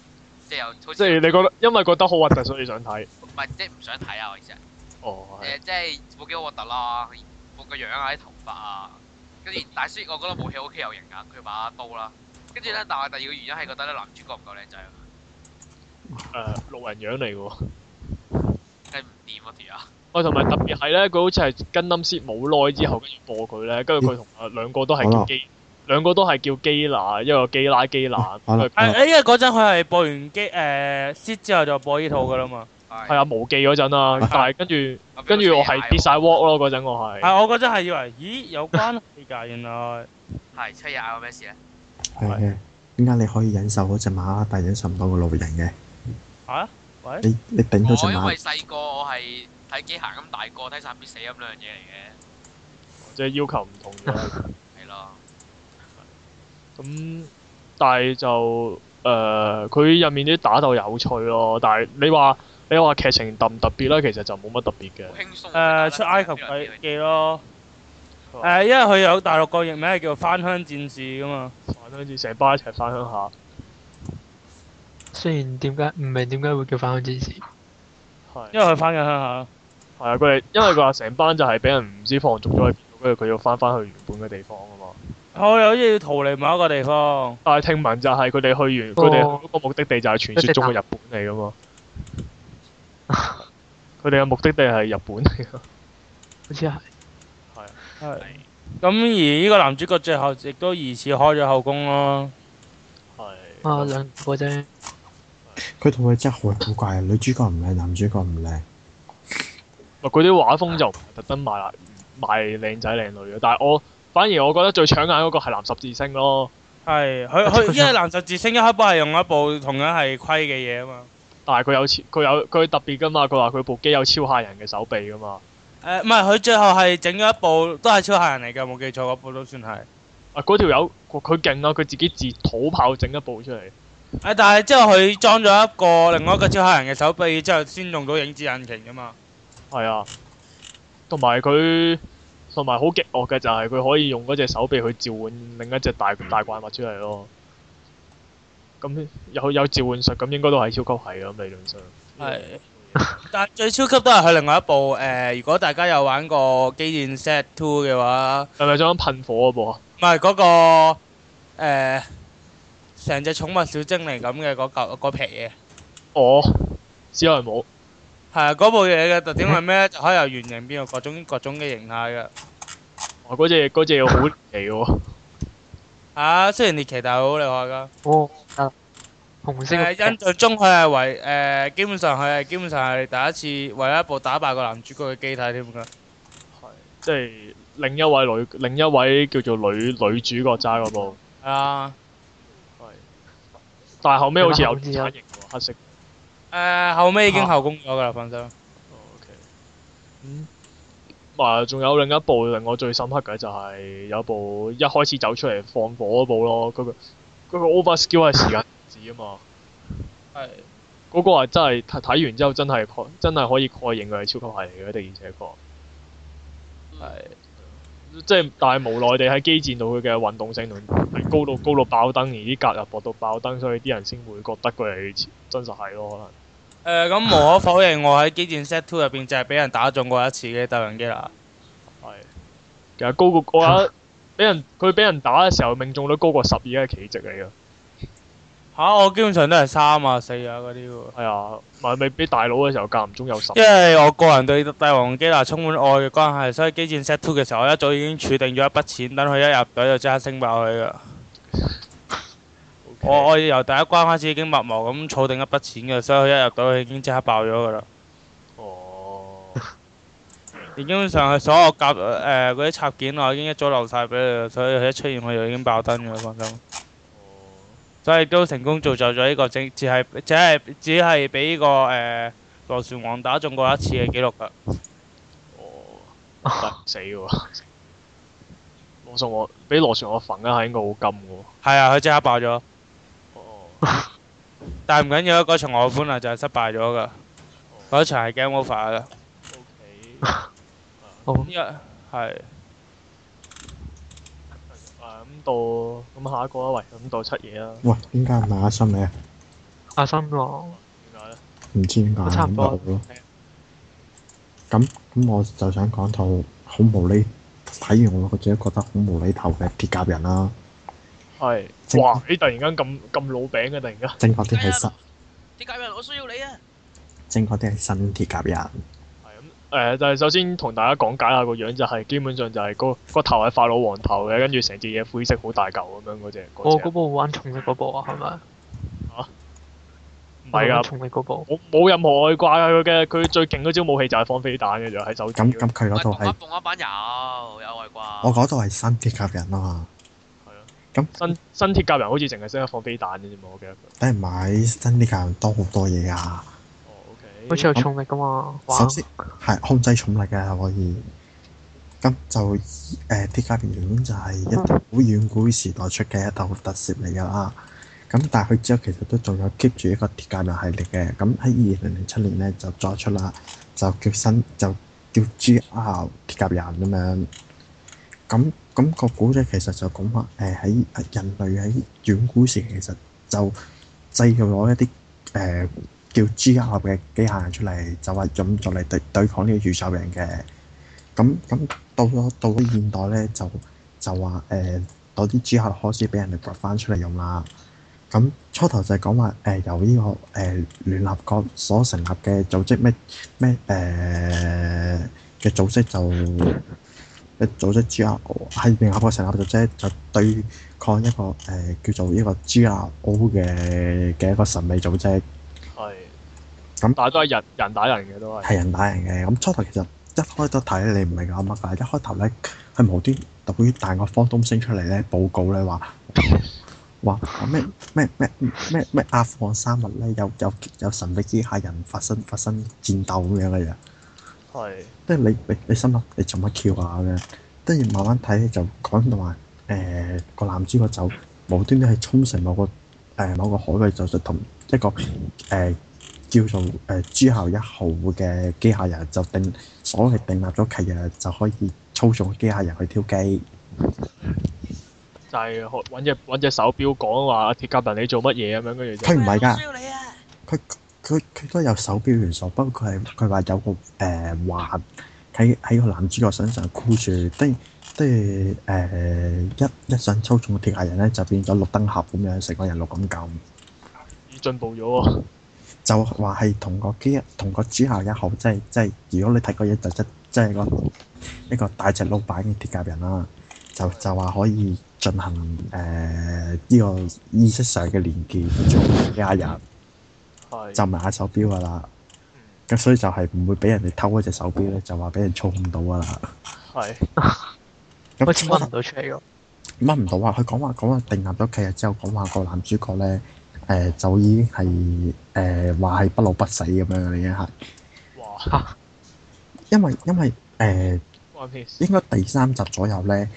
即係你覺得，因為覺得好核突，所以想睇。唔係，即係唔想睇啊！我意思係。哦。誒，即係冇幾好核突咯，個個樣啊，啲頭髮啊，跟住大師，我覺得武器 O K 又型噶，佢把刀啦，跟住咧，但係第二個原因係覺得咧，男主角唔夠靚仔啊？誒，路人樣嚟噶喎。真係唔掂啊啲啊！我同埋特別係咧，佢好似係跟林殊冇耐之後，跟住播佢咧，跟住佢同誒兩個都係劍姬。兩個都係叫基拉，一個基拉基蘭。係，因為嗰陣佢係播完基誒 C 之後就播呢套噶啦嘛。係啊，冇基嗰陣啦，但係跟住跟住我係跌晒鑊咯，嗰陣我係。係我嗰陣係以為，咦有關呢屆？原來係七日嗌過咩事咧？係點解你可以忍受嗰隻馬拉，但係忍受唔到個路人嘅？啊喂！我因為細個我係睇機械咁大個睇《生必死》咁兩樣嘢嚟嘅，即係要求唔同嘅。咁、嗯，但係就誒，佢、呃、入面啲打鬥有趣咯。但係你話你話劇情特唔特別呢？其實就冇乜特別嘅。誒，呃、出埃及記咯、呃。因為佢有大陸個譯名係叫《翻鄉戰士》噶嘛。翻鄉戰士成班一齊翻鄉下。雖然點解唔明點解會叫翻鄉戰士？係。因為佢翻緊鄉下。係啊，佢哋因為佢話成班就係俾人唔知放逐咗去邊，跟住佢要翻翻去原本嘅地方啊嘛。我有啲要逃離某一個地方。但係聽聞就係佢哋去完，佢哋嗰個目的地就係傳說中嘅日本嚟噶嘛。佢哋嘅目的地係日本嚟噶。好似係，係係。咁而呢個男主角最後亦都疑似開咗後宮咯。係。啊，兩個啫。佢同佢真係好古怪啊！女主角唔靚，男主角唔靚。唔係，佢啲畫風就特登賣賣靚仔靚女嘅，但係我。反而我覺得最搶眼嗰個係藍十字星咯，係佢佢因為藍十字星一開波係用咗一部同樣係虧嘅嘢啊嘛，但係佢有佢有佢特別㗎嘛，佢話佢部機有超嚇人嘅手臂㗎嘛，誒唔係佢最後係整咗一部都係超嚇人嚟嘅，冇記錯嗰部都算係，啊嗰條友佢勁咯，佢、那個、自己自土炮整一部出嚟，誒、呃、但係之後佢裝咗一個另外一個超嚇人嘅手臂之後先用到影子引擎㗎嘛，係啊，同埋佢。同埋好極惡嘅就係佢可以用嗰隻手臂去召喚另一隻大大怪物出嚟咯。咁有有召喚術，咁應該都係超級，係啊，理論上係，是 但係最超級都係佢另外一部誒、呃，如果大家有玩過機戰 Set Two 嘅話，係咪想種噴火嗰部啊？唔係嗰個成、呃、隻寵物小精靈咁嘅嗰嚿皮嘢。哦、那個，小係冇。係啊，嗰部嘢嘅特點係咩咧？可以由圓形變到各種各種嘅形態嘅。哦，嗰隻嗰隻好奇喎。啊，雖然獵奇，但係好厲害噶。哦。啊。紅色嘅。係印象中佢係為誒，基本上佢係基本上係第一次為一部打敗個男主角嘅機體添噶。係。即係另一位女，另一位叫做女女主角揸嗰部。係啊。係。但係後尾好似有量產型喎，黑色。誒，uh, 後尾已經后功咗噶啦，放心。O、okay. K、mm。嗯。嘛，仲有另一部令我最深刻嘅就係有一部一開始走出嚟放火嗰部咯，嗰個嗰個 Overkill 嘅時間指啊嘛。係 Yeah.。嗰個係真係睇睇完之後真係真係可以確認佢係超級係嚟嘅，的而且確。係。即係，但係無奈地喺機戰度佢嘅運動性能係高到高到爆燈，而啲格入搏到爆燈，所以啲人先會覺得佢係真實係咯，可能。誒，咁無可否認，我喺機戰 Z two 入邊就係俾人打中過一次嘅帝王機牙。係，其實高過我俾人佢俾人打嘅時候，命中率高過十二，係奇跡嚟噶。吓，我基本上都係三啊四啊嗰啲喎。係啊，咪咪俾大佬嘅時候間唔中有十。因為我個人對帝王機牙充滿愛嘅關係，所以機戰 Z two 嘅時候，我一早已經儲定咗一筆錢，等佢一入隊就即刻升爆佢噶。我我，由第一關開始，已經默默咁儲定一筆錢嘅，所以佢一入到去已經即刻爆咗噶啦。哦。Oh. 基本上係所有夾誒嗰啲插件我已經一早留晒俾你，所以佢一出現我就已經爆燈嘅，放心。哦。Oh. 所以都成功造就咗呢個正只係只係只係俾呢個誒、呃、螺旋王打中過一次嘅紀錄噶。哦、oh. 死 嘅。螺旋王俾螺旋王焚緊係應該好金嘅。係啊，佢即刻爆咗。 但唔緊要，嗰場我本來就係失敗咗㗎，嗰、oh. 場係 game over 啦。O K，今日係咁到咁下一個啊，喂，咁到出嘢啦。喂，點解唔係阿森嚟啊？阿森囉。點解咧？唔知點解。差唔多。咁咁，我就想講套好無厘，睇完我我自己覺得好無厘頭嘅鐵甲人啦。係，哇！你確突然間咁咁老餅嘅、啊、突然間，正確啲係新鐵甲人，我需要你啊！正確啲係新鐵甲人。係咁，誒，就係首先同大家講解下個樣、就是，就係基本上就係個個頭係法老黃頭嘅，跟住成隻嘢灰色，好大嚿咁樣嗰隻。那個、哦，嗰部玩重力嗰部 嗎啊，係咪？啊，唔係啊，重力嗰部冇冇任何外掛啊，佢嘅，佢最勁嗰招武器就係放飛彈嘅，就喺手。咁咁佢嗰度係。動畫版有有，有外掛、啊。我嗰度係新鐵甲人啊嘛。咁新新鐵甲人好似淨係識得放飛彈嘅啫嘛，我記得。梗係買新鐵甲人多好多嘢啊！哦，OK，好似有重力噶嘛？首先係控制重力嘅可以。咁就誒鐵甲人原本就係一套好遠古時代出嘅一套特色嚟噶啦。咁但係佢之後其實都仲有 keep 住一個鐵甲人系列嘅。咁喺二零零七年咧就再出啦，就叫新就叫 G.R. 鐵甲人咁樣。咁咁個古仔其實就講話，誒、呃、喺人類喺遠古時其實就製造咗一啲誒、呃、叫 G.R. 嘅機械人出嚟，就話用作嚟對對抗呢個宇宙人嘅。咁咁到咗到咗現代咧，就就話誒攞啲 G.R. 開始俾人哋掘返出嚟用啦。咁初頭就係講話誒由呢、這個誒、呃、聯合國所成立嘅組織咩咩誒嘅組織就。一組織 G.R.O 係聯合國成立嘅組織，就對抗一個誒叫做一個 G.R.O 嘅嘅一個神秘組織。係。咁大家都係人人打人嘅都係。係人打人嘅，咁初頭其實一開都睇你唔明咁乜，但係一開頭咧，佢無端突然帶個方東升出嚟咧，報告咧話話咩咩咩咩咩阿富汗沙漠咧有有有神秘機械人發生發生戰鬥咁樣嘅嘢。係，即係 你你你心諗你做乜跳啊，咁樣，跟住慢慢睇就講到話誒個男主角就無端端去沖繩某個誒、欸、某個海域就就同一個誒、欸、叫做誒朱孝一號嘅機械人就定所謂訂立咗契約就可以操縱機械人去挑機，就係搵隻隻手表講話阿鐵甲人你做乜嘢咁樣跟住，佢唔係噶，佢。佢佢都有手表元素，不過佢係佢話有個誒環喺喺個男主角身上箍住，即係即係誒一一想操縱鐵甲人咧，就變咗綠燈俠咁樣成個人綠咁咁。進步咗，就話係同個機，同個主下一口，即係即係如果你睇個嘢就即即係個一個大隻老闆嘅鐵甲人啦、啊，就就話可以進行誒呢、呃呢個意識上嘅連結做鐵甲人。浸埋下手表噶啦，咁、嗯、所以就係唔會俾人哋偷嗰隻手表咧，就話俾人操控到噶啦。係 那，咁掹唔到出嚟咯？掹唔到啊！佢講話講話定立咗契約之後，講話個男主角咧，誒、呃、就已經係誒話係不老不死咁樣嘅已經係。哇、嗯！因為因為誒，呃、One Piece. 應該第三集左右咧，誒、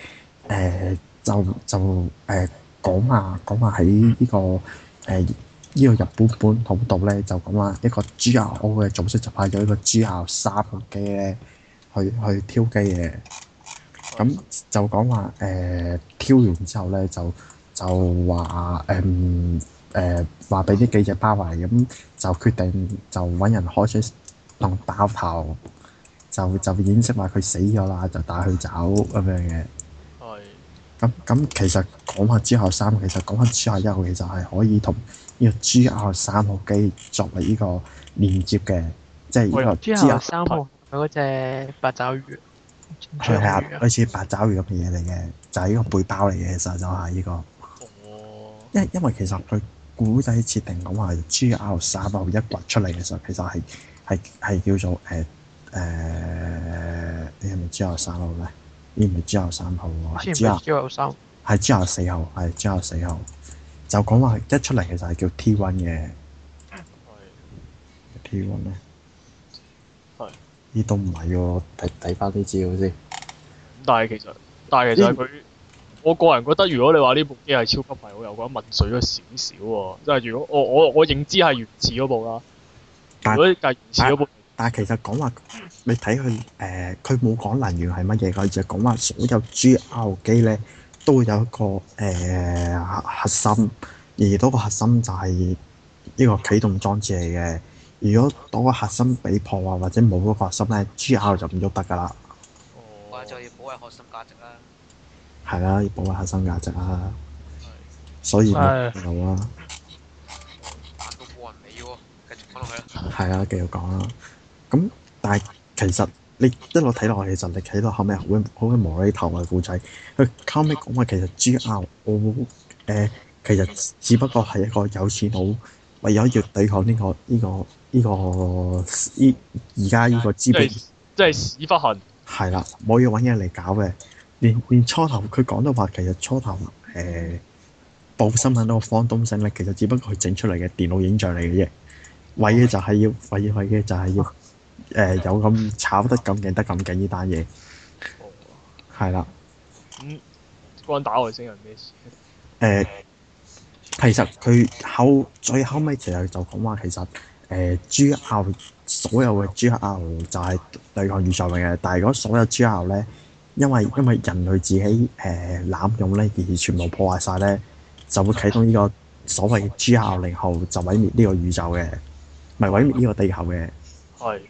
呃、就就誒講話講話喺呢個誒。呃呢個日本本土度咧，就咁啦。一個 G.R.O 嘅組織就派咗一個 G.R. 三號機咧，去去挑機嘅。咁就講話誒挑完之後咧，就就話誒誒話俾啲記者包埋，咁、嗯呃、就決定就揾人開槍弄爆頭，就就掩飾話佢死咗啦，就帶佢走咁樣嘅。係對。咁咁其實講下 G.R. 三，其實講下 G.R. 一號，其實係可以同。要 G R 三號機作為呢個連接嘅，即係呢個 G R 三號，佢嗰隻八爪魚，係 啊，類似八爪魚咁嘅嘢嚟嘅，就係、是、呢個背包嚟嘅，其實就係、是、呢、這個。因因為其實佢故仔設定咁話 G R 三號一掘出嚟嘅時候，其實係係係叫做誒誒、呃，你係咪 G R 三號咧？你唔係 G R 三號喎。G R 三。係 G R 四號，係 G R 四號。就講話一出嚟其實係叫 T1 嘅，T1 咧，係呢度唔係要睇睇翻啲資料先。但係其實，但係其實佢，嗯、我個人覺得，如覺得點點，如果你話呢部機係超級快好用嘅得混水咗少少喎。即係如果我我我認知係原始嗰部啦，但嗰啲係原始嗰部。但係其實講話你睇佢誒，佢冇講能源係乜嘢，佢就講話所有 GR 機咧。都會有一個誒、欸、核心，而嗰個核心就係呢個啟動裝置嚟嘅。如果嗰個核心俾破壞，或者冇嗰個核心咧，G. R. 就唔喐得噶啦。或者，就要保護核心價值啦、啊。係啦，要保護核心價值啦、啊。的所以有啊。打到過人尾喎，繼續講落去。係啦，繼續講啦。咁但係其實。你一路睇落去，其實你睇到後尾好好嘅無厘頭嘅故仔。佢後尾講話，其實 G.R.O. 誒其實只不過係一個有錢佬，唯有要抵抗呢個呢個呢個而家呢個資本，即係屎忽痕。係啦，冇嘢揾嘢嚟搞嘅。連連初頭佢講到話，其實初頭誒報新聞嗰個方東昇咧，其實只不過係整出嚟嘅電腦影像嚟嘅啫。為嘅就係要，為嘅為嘅就係要。啊誒有咁炒得咁勁，得咁勁呢單嘢係啦。咁關打外星人咩事？誒，其實佢後最後尾，其實就講話其實誒、呃、G.R. 所有嘅 G.R. 就係對抗宇宙嘅。但係如果所有 G.R. 咧，因為因為人類自己誒、呃、濫用咧而全部破壞晒咧，就會啟動呢個所謂 G.R. 零號就毀滅呢個宇宙嘅，唔係的毀滅呢個地球嘅。係。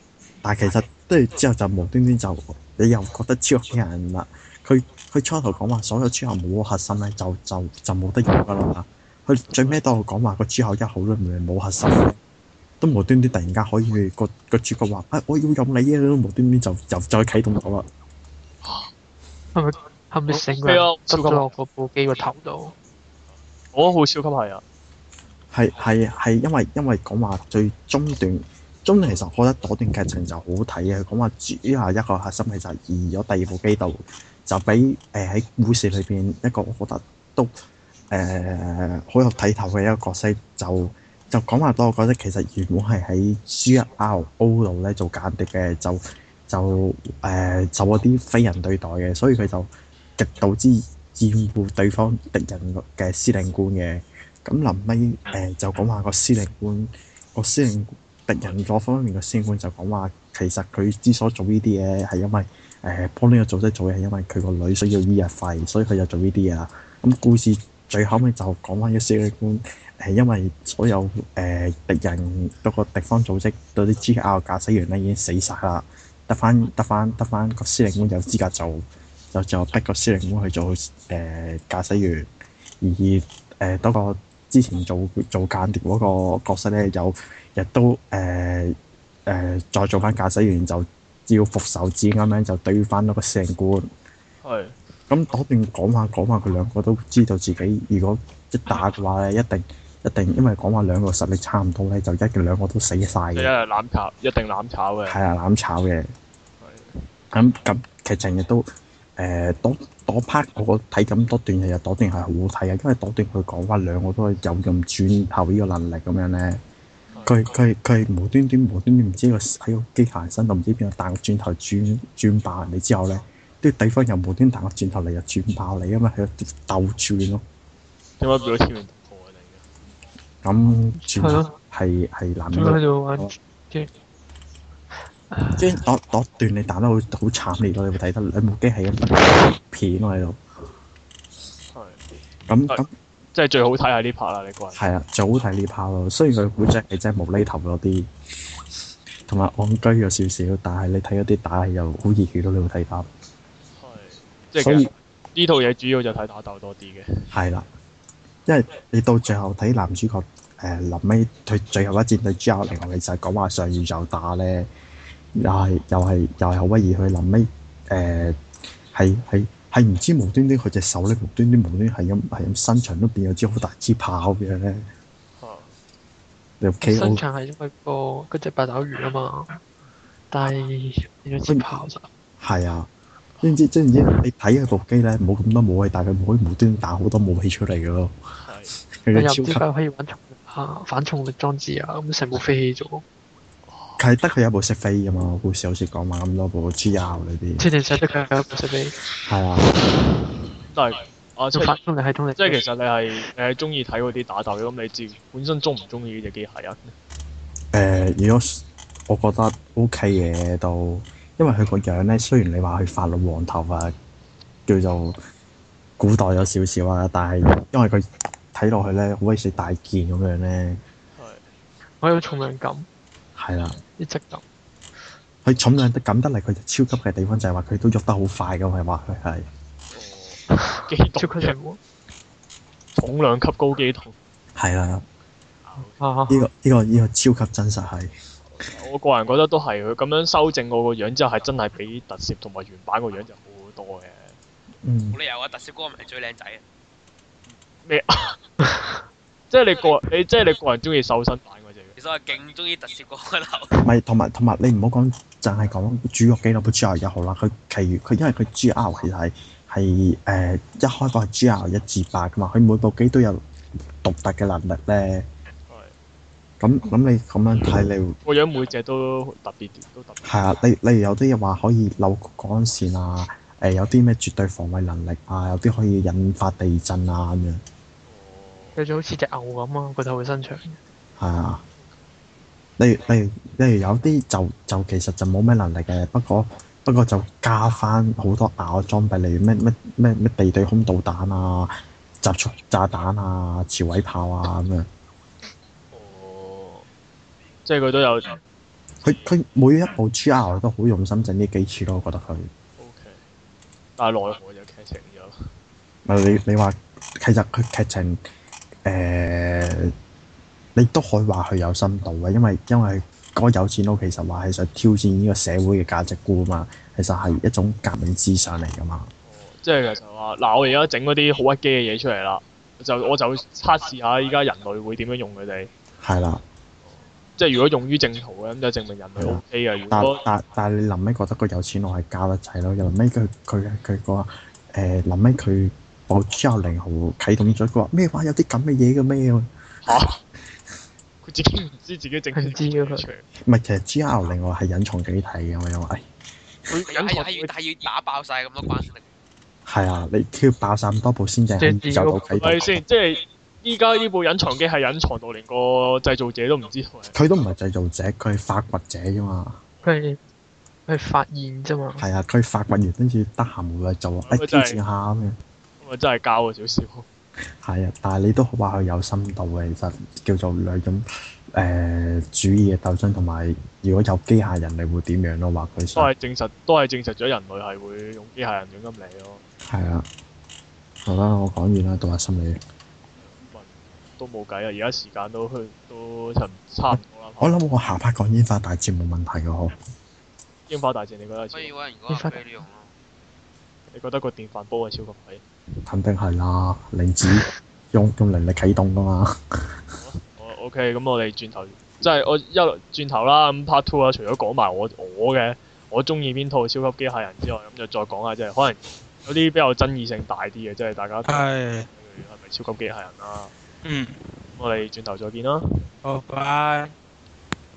但係其實，跟住之後就無端端就你又覺得超人啦。佢佢初頭講話所有超級冇核心咧，就就就冇得用噶啦嘛。佢最尾都係講話個超級一好咧，唔係冇核心都無端端突然間可以，個個主角話啊、哎，我要用你啊！都無端端就又再啟動咗啦。係咪係咪成個落個部機個頭度？我、哦、好超級係啊。係係係，因為因為講話最中段。咁其實我覺得嗰段劇情就好睇啊。講話主要係一個核心，其實移咗第二部機度就俾誒喺故事裏邊一個我覺得都誒、呃、好有睇頭嘅一個角色就就講話多個啫。我覺得其實原本係喺 G R O 度咧做間諜嘅，就就誒做、呃、一啲非人對待嘅，所以佢就極度之厭惡對方敵人嘅司令官嘅。咁臨尾誒就講話個司令官個司令官。敵人嗰方面嘅司令官就講話，其實佢之所以做呢啲嘢，係因為誒、呃、幫呢個組織做嘢，係因為佢個女需要醫藥費，所以佢就做呢啲嘢啦。咁、嗯、故事最後尾就講翻一司令官，誒，因為所有誒敵、呃、人嗰個敵方組織對啲 g 格嘅駕駛員咧已經死曬啦，得翻得翻得翻個司令官有資格做，就就逼個司令官去做誒駕駛員，而誒、呃、多個。之前做做間諜嗰個角色咧，有亦都誒誒、呃呃、再做翻駕駛員，就要復仇戰咁樣就對翻嗰個成冠。係的。咁嗰段講下講下，佢兩個都知道自己如果一打嘅話咧，一定一定，因為講話兩個實力差唔多咧，就一定兩個都死晒嘅。係啊，攬炒一定攬炒嘅。係啊，攬炒嘅。係的。咁咁劇情亦都。誒，多多 part 我睇咁多段嘢，又多段係好好睇嘅。因為多段佢講話兩個都係有咁轉頭呢個能力咁樣咧，佢佢佢係無端端無端端唔知個喺個機械人身度唔知邊度，彈個轉頭轉轉爆你之後咧，啲對方又無端彈個轉頭嚟又轉爆你啊嘛，係一啲鬥轉咯。有冇俾我簽名？咁轉係係難。專剝剝斷你打得好好慘烈咯，你會睇得你部機喺咁片喎喺度。咁咁即係最好睇係呢 part 啦，呢個。係啊，最好睇呢 part 咯。雖然佢古裝係真係無厘頭咗啲，同埋戇居咗少少，但係你睇嗰啲打戲又好熱血咯，你會睇返即係。所以呢套嘢主要就睇打鬥多啲嘅。係啦、啊，因為你到最後睇男主角誒臨尾佢最後一戰對 Gel 嚟講，其實講話上宇宙就打咧。又係又係又係好威儀，佢臨尾誒係係係唔知無端端佢隻手咧無端端無端係咁係咁伸長都變咗支好大支炮嘅咧。哦、啊，伸長係因為、嗰個嗰隻八爪魚啊嘛，但係變咗支炮咋？係、嗯、啊，知唔知知唔知你睇嗰部機咧？冇咁多武器，但係佢唔可以無端打好多武器出嚟嘅咯。係是，入啲位可以揾重力啊，反重，重力裝置啊，咁成部飛起咗。佢得佢有，有部識飛啊嘛，故事好似講埋咁多部 G.R. 呢啲。設定上得佢一部識飛。係啊。嚟，我做發通，你係通即係其實是你係誒中意睇嗰啲打鬥咁，嗯、你自本身中唔中意呢隻機械人？誒、呃，如果我覺得 OK 嘅都，因為佢個樣咧，雖然你話佢發綠黃頭啊，叫做古代有少少啊，但係因為佢睇落去咧，好鬼死大件咁樣咧。係。我有重量感。係啦。一隻豆，佢重量得咁得嚟，佢就超級嘅地方就係話佢都喐得好快噶，係嘛？佢係 的。哦，機動重量級高機動。係啦了。呢、 呢個呢、呢個呢、呢個超級真實係。 我個人覺得都係佢咁樣修正我個樣之後，係真係比特攝同埋原版個樣就好多嘅。嗯。冇理由啊！特攝哥唔係最靚仔。咩？即係你個你即係、即係、你個人中意瘦身所以勁中意特殊功能。唔係，同埋同埋，你唔好講，淨係講主機咯，佢 G R 一號又好啦。佢其餘佢因為佢 G R 其實係係誒一開發 G R 一至八嘛，佢每部機都有獨特嘅能力咧。咁咁，你咁樣睇你？我覺得每隻都特別啲，都特別。係啊，你例如有啲話可以扭曲光線啊，誒、呃、有啲咩絕對防衞能力啊，有啲可以引發地震啊咁樣。佢就好似隻牛咁啊，個頭會伸長。係啊。例如，例如，例如有啲就就其實就冇咩能力嘅，不過不過就加翻好多硬裝備，例如咩咩咩地對空導彈啊、集束炸彈啊、超偉炮啊咁樣。哦，uh, 即係佢都有。佢佢每一部 G.R. 都好用心整呢幾次咯，我覺得佢。O.K. 但係內河有劇情就。唔你你話其實佢劇情誒？呃你都可以話佢有深度嘅，因為因為嗰個有錢佬其實話係想挑戰呢個社會嘅價值觀啊嘛，其實係一種革命思想嚟噶嘛。即係、哦就是、其實話嗱、啊，我而家整嗰啲好滑機屈機嘅嘢出嚟啦，就我就測試下依家人類會點樣用佢哋。係啦的。即係如果用於正途嘅，咁就證明人類、OK。O K 啊，但但但係你臨尾覺得個有錢佬係教得滯咯？又尾佢佢佢個誒臨尾佢播之後零號啟動咗，佢話咩話有啲咁嘅嘢嘅咩？嚇！啊 自己唔知自己整唔知啊佢，唔係其實 G.R. 另外係隱藏機體嘅，因為佢隱藏，但係要打爆晒咁多關，係啊，你要爆晒咁多部先至走到啟動先。即係依家呢部隱藏機係隱藏到連個製造者都唔知，佢都唔係製造者，佢係發掘者啫嘛。佢佢發現啫嘛。係啊，佢發掘完跟住得閒無耐就誒支持下咁樣。咁啊真係教啊少少。係啊，但係你都話佢有深度嘅，其實叫做兩種誒、呃、主義嘅鬥爭，同埋如果有機械人，你會點樣咯？話佢都係證實，都係證實咗人類係會用機械人咁嚟咯。係啊，好啦，我講完啦，到下心理都冇計啊，而家時間都都差唔差唔多啦。我諗我，我下 part 講煙花大戰冇問題噶呵。煙花大戰你覺得？煙花大戰你覺得個電飯煲係超級幾？肯定係啦，你子用用靈力啟動噶嘛。O K，咁我哋轉頭，即係我一轉頭啦。咁 Part Two 啊，除咗講埋我我嘅，我中意邊套超級機械人之外，咁就再講下，即係可能有啲比較爭議性大啲嘅，即係大家係係咪超級機械人啊？嗯，mm. 我哋轉頭再見啦。好，拜拜。